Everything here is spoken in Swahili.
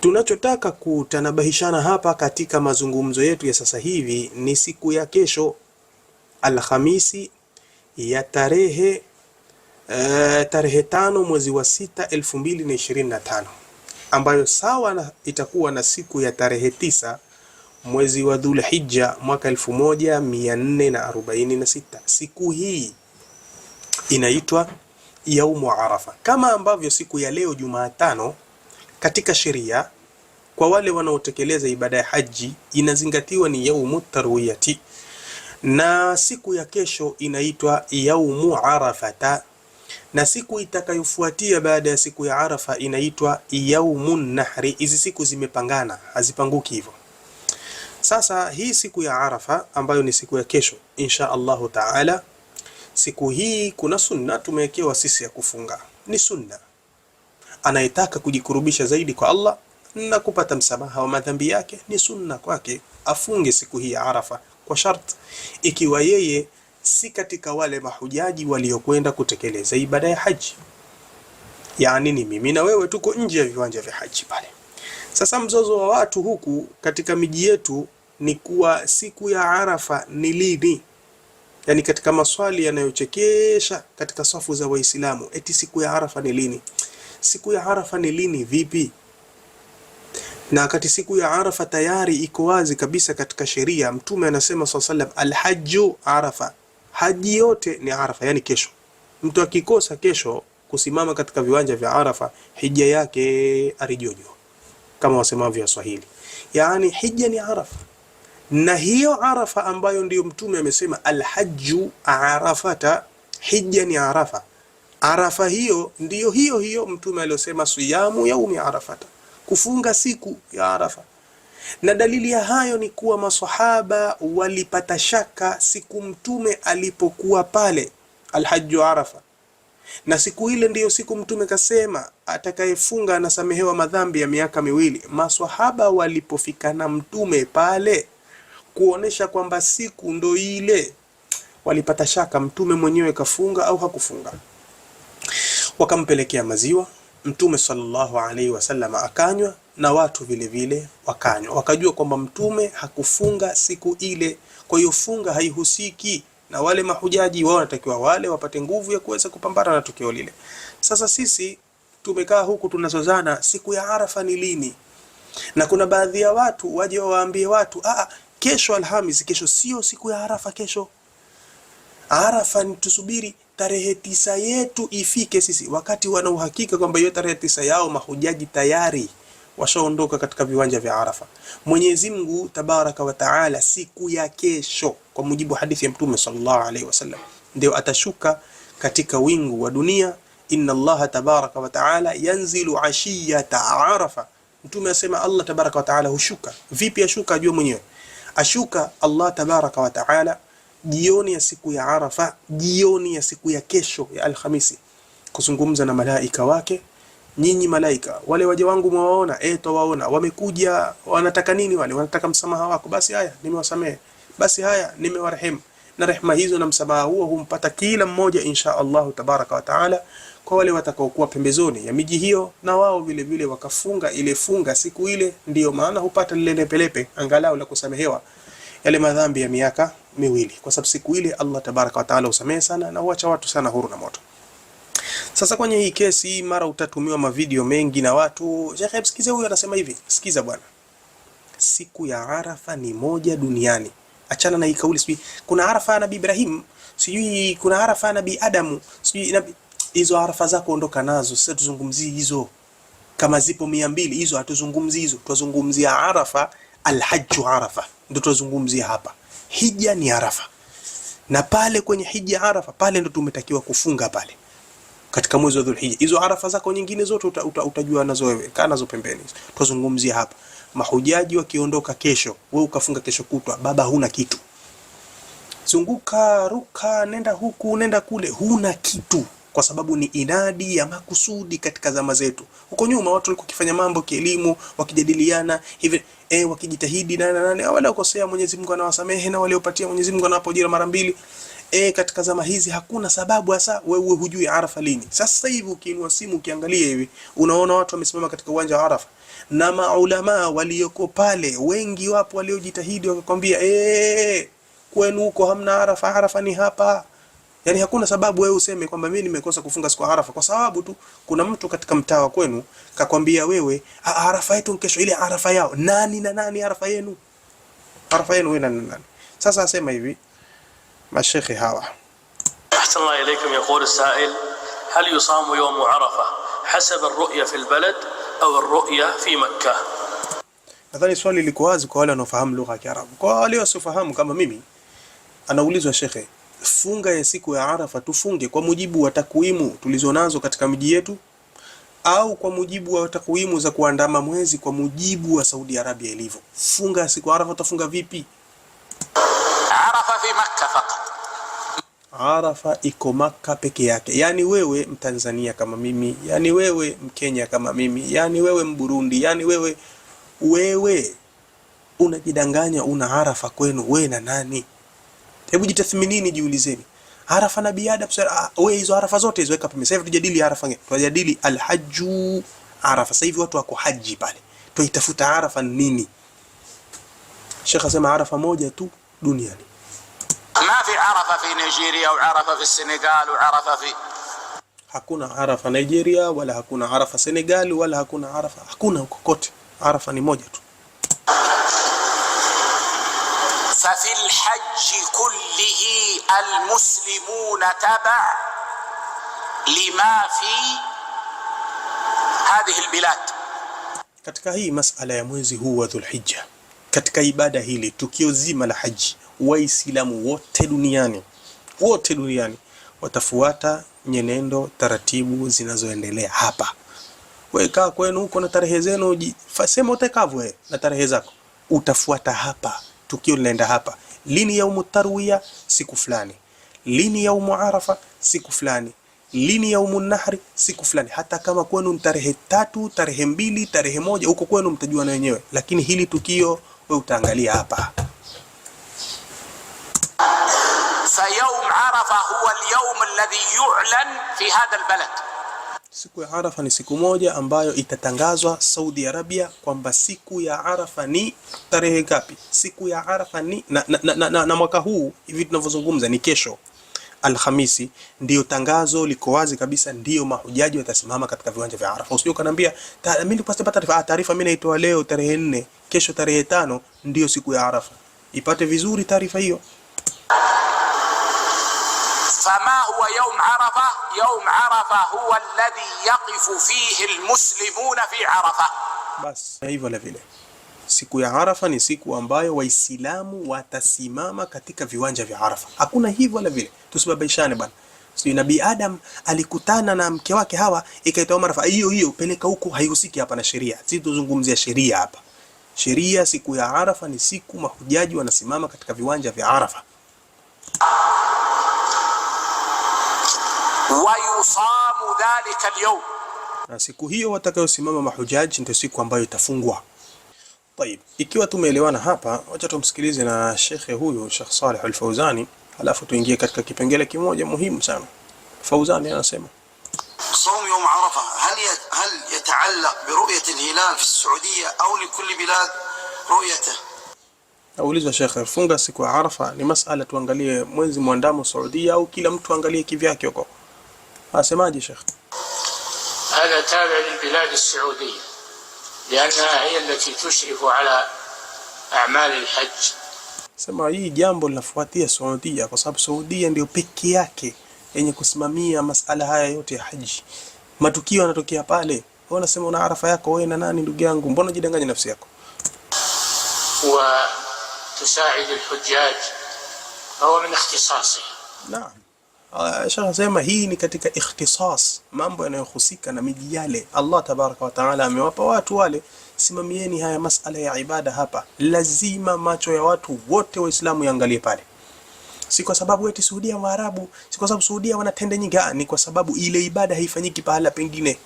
Tunachotaka kutanabahishana hapa katika mazungumzo yetu ya sasa hivi ni siku ya kesho Alhamisi ya tarehe uh, tarehe tano mwezi wa sita elfu mbili na ishirini na tano ambayo sawa na, itakuwa na siku ya tarehe tisa mwezi wa Dhulhijja mwaka elfu moja mia nne na arobaini na sita. Siku hii inaitwa Yaumu Arafa kama ambavyo siku ya leo Jumatano katika sheria kwa wale wanaotekeleza ibada ya haji inazingatiwa ni yaumu tarwiyati, na siku ya kesho inaitwa yaumu arafata, na siku itakayofuatia baada ya siku ya Arafa inaitwa yaumu nahri. Hizi siku zimepangana, hazipanguki hivyo. Sasa hii siku ya Arafa ambayo ni siku ya kesho insha Allahu taala, siku hii kuna sunna tumewekewa sisi ya kufunga, ni sunna anayetaka kujikurubisha zaidi kwa Allah na kupata msamaha wa madhambi yake, ni sunna kwake afunge siku hii ya Arafa kwa shart, ikiwa yeye si katika wale mahujaji waliokwenda kutekeleza ibada ya haji. Yaani ni mimi na wewe tuko nje ya viwanja vya haji pale. Sasa mzozo wa watu huku katika miji yetu ni kuwa siku ya Arafa ni lini? Yaani katika maswali yanayochekesha katika safu za Waislamu, eti siku ya Arafa ni lini? siku ya Arafa ni lini, vipi? Na wakati siku ya Arafa tayari iko wazi kabisa katika sheria. Mtume anasema sallallahu sallam, alhaju Arafa, haji yote ni Arafa, yani kesho. Mtu akikosa kesho kusimama katika viwanja vya Arafa, hija yake arijojo, kama wasemavyo Waswahili, yaani hija ni Arafa na hiyo Arafa ambayo ndiyo Mtume amesema alhaju arafata, hija ni Arafa. Arafa hiyo ndiyo hiyo hiyo mtume aliyosema siyamu yaumi arafata, kufunga siku ya Arafa. Na dalili ya hayo ni kuwa masahaba walipata shaka siku mtume alipokuwa pale alhaju Arafa, na siku ile ndiyo siku mtume kasema atakayefunga anasamehewa madhambi ya miaka miwili. Maswahaba walipofika na mtume pale kuonesha kwamba siku ndo ile, walipata shaka mtume mwenyewe kafunga au hakufunga wakampelekea maziwa Mtume sallallahu alaihi wasallam akanywa na watu vile vile wakanywa, wakajua kwamba Mtume hakufunga siku ile. Kwa hiyo funga haihusiki na wale mahujaji, wao wanatakiwa wale wapate nguvu ya kuweza kupambana na tukio lile. Sasa sisi tumekaa huku tunazozana, siku ya Arafa ni lini? Na kuna baadhi ya watu waje wawaambie watu a, ah, ah, kesho Alhamis, kesho sio siku ya Arafa, kesho Arafa ni tusubiri tarehe tisa yetu ifike sisi, wakati wana uhakika kwamba hiyo tarehe tisa yao mahujaji tayari washaondoka katika viwanja vya Arafa. Mwenyezi Mungu tabaraka wa taala, siku ya kesho, kwa mujibu wa hadithi ya Mtume sallallahu alaihi wasallam, ndio atashuka katika wingu wa dunia. Inna Allaha tabaraka wa taala yanzilu ashiyata Arafa. Mtume asema Allah tabaraka wa taala hushuka. Vipi ashuka? Ajua mwenyewe, ashuka Allah tabaraka wa taala jioni ya siku ya Arafa, jioni ya siku ya kesho ya Alhamisi, kuzungumza na malaika wake. Nyinyi malaika, wale waja wangu mwaona, Eh, twawaona. Wamekuja, wanataka nini wale? Wanataka msamaha wako. Basi haya, nimewasamehe. Basi haya, nimewarehemu. Na rehema hizo na msamaha huo humpata kila mmoja insha Allahu tabaraka wa taala, kwa wale watakaokuwa pembezoni ya miji hiyo, na wao vile vile wakafunga ile funga siku ile, ndiyo maana hupata lile lepelepe angalau la kusamehewa yale madhambi ya miaka miwili, kwa sababu siku ile Allah tabaraka wa taala usamehe sana na huacha watu sana huru na moto. Sasa kwenye hii kesi, mara utatumiwa mavideo mengi na watu, Sheikh, sikize huyu anasema hivi. Sikiza bwana, siku ya Arafa ni moja duniani. Achana na hii kauli, sijui kuna Arafa ya Nabii Ibrahim, sijui kuna Arafa ya Nabii Adamu, sijui nabi... hizo Arafa zako ondoka nazo. Sasa tuzungumzie hizo kama zipo mia mbili hizo hatuzungumzi hizo, tuzungumzia Arafa, alhajju Arafa ndo tuzungumzie hapa. Hija ni Arafa, na pale kwenye hija Arafa pale ndo tumetakiwa kufunga pale katika mwezi wa Dhulhija. Hizo Arafa zako nyingine zote uta, uta, utajua nazo wewe, kaa nazo pembeni. Tuzungumzie hapa mahujaji wakiondoka kesho, wewe ukafunga kesho kutwa, baba, huna kitu. Zunguka ruka, nenda huku nenda kule, huna kitu kwa sababu ni inadi ya makusudi katika zama zetu. Huko nyuma watu walikuwa wakifanya mambo kielimu, wakijadiliana hivi eh, wakijitahidi na na nani, wala kukosea Mwenyezi Mungu anawasamehe, na waliopatia Mwenyezi Mungu anawapa ujira mara mbili. Eh, katika zama hizi hakuna sababu hasa wewe hujui Arafa lini. Sasa hivi ukiinua simu ukiangalia hivi, unaona watu wamesimama katika uwanja wa Arafa na maulama walioko pale wengi wapo waliojitahidi wakakwambia, eh, kwenu huko hamna Arafa, Arafa ni hapa. Yaani hakuna sababu wewe useme kwamba mimi nimekosa kufunga siku Arafa kwa sababu tu kuna mtu katika mtaa kwenu kakwambia wewe ah, ah, Arafa yetu kesho, ile Arafa yao nani na nani, Arafa yenu, Arafa yenu wewe na nani? Sasa asema hivi mashekhe hawa, ahsanallahu alaykum. Yaqulu sa'il hal yusamu yawm Arafa hasab ar-ru'ya fi al-balad aw ar-ru'ya fi Makkah? Nadhani swali liko wazi kwa wale wanaofahamu lugha ya Kiarabu. Kwa wale wasiofahamu kama mimi, anaulizwa shekhe funga ya siku ya Arafa tufunge kwa mujibu wa takwimu tulizonazo katika miji yetu au kwa mujibu wa takwimu za kuandama mwezi kwa mujibu wa Saudi Arabia ilivyo. Funga siku ya Arafa utafunga vipi? Arafa fi faqat. Arafa iko Makka peke yake. Yaani wewe Mtanzania kama mimi, yaani wewe Mkenya kama mimi, yaani wewe Mburundi, yaani wewe wewe unajidanganya una Arafa kwenu, we na nani? Hebu jitathminini, jiulizeni arafa na biada. Ah, wewe hizo arafa zote hizo weka pembeni. Sasa hivi tujadili arafa ngapi? tujadili alhaju arafa. Sasa hivi watu wako haji pale, tuitafuta arafa nini? Sheikh asema arafa moja tu duniani, ma fi arafa fi Nigeria au arafa fi Senegal au arafa fi Hakuna arafa Nigeria wala hakuna arafa Senegal wala hakuna arafa, hakuna kokote. Arafa ni moja tu. ففي الحج كله المسلمون تبع لما في هذه البلاد Katika hii masala ya mwezi huu wa Dhulhijja, katika ibada hili tukio zima la haji, Waislamu wote duniani wote duniani watafuata nyenendo taratibu zinazoendelea hapa. Wewe kaa kwenu huko na tarehe zenu, sema utakavyo na tarehe zako utafuata hapa tukio linaenda hapa. Lini yaumu tarwiya? Siku fulani. Lini yaumu arafa? Siku fulani. Lini yaumu nahri? Siku fulani. Hata kama kwenu ni tarehe tatu, tarehe mbili, tarehe moja, huko kwenu mtajua na wenyewe, lakini hili tukio wewe utaangalia hapa. Sa arafa huwa al-yawm alladhi yu'lan fi hadha al-balad Siku ya Arafa ni siku moja ambayo itatangazwa Saudi Arabia kwamba siku ya Arafa ni tarehe ngapi? Siku ya Arafa ni na, na, na, na, na mwaka huu hivi tunavyozungumza ni kesho Alhamisi, ndiyo tangazo liko wazi kabisa, ndiyo mahujaji watasimama katika viwanja vya Arafa. Usio ukaniambia mimi nipasipata taarifa, ah, taarifa mimi naitoa leo tarehe nne, kesho tarehe tano ndiyo siku ya Arafa. Ipate vizuri taarifa hiyo. فما هو يوم عرفة يوم عرفة هو الذي يقف فيه المسلمون في عرفة بس hivyo la vile Siku ya Arafa ni siku ambayo Waislamu watasimama katika viwanja vya Arafa. Hakuna hivyo wala vile, tusibabaishane bana. Sio Nabii Adam alikutana na mke wake Hawa ikaitwa Arafa, hiyo hiyo peleka huko, haihusiki hapa na sheria. Sisi tuzungumzia sheria hapa. Sheria, siku ya Arafa ni siku mahujaji wanasimama katika viwanja vya Arafa wayusamu dhalika alyawm, na siku hiyo watakayosimama mahujaji ndio siku ambayo itafungwa. Tayib, ikiwa tumeelewana hapa, wacha tumsikilize na shekhe huyu Sheikh Saleh Al-Fauzani, alafu tuingie katika kipengele kimoja muhimu sana. Fauzani anasema yawm hal يوم عرفة هل هل يتعلق fi الهلال في السعودية أو لكل بلاد رؤيته Naulizwa shekhe, funga siku ya Arafa ni masala tuangalie mwezi mwandamo Saudia au kila mtu angalie kivyake huko? Anasemaje Sheikh? Hadha tabi lilbilad alsaudiya liannaha hiya allati tushrifu ala a'mal alhajj. Sema hii jambo linafuatia Saudia kwa sababu Saudia ndio peke yake yenye kusimamia masala haya yote ya haji. Matukio yanatokea pale. Wewe unasema una arafa yako wewe na nani, ndugu yangu? Mbona unajidanganya nafsi yako? wa al-hujjaj. Hawa min ikhtisasi. Naam. Ah, Shasema hii ni katika ikhtisas, mambo yanayohusika na miji yale. Allah tabaraka wa taala amewapa watu wale, simamieni haya masala ya ibada hapa. Lazima macho ya watu wote Waislamu yaangalie pale, si kwa sababu eti Saudia Waarabu, si kwa sababu Saudia wana tende nyingi, ah, ni kwa sababu ile ibada haifanyiki pahala pengine.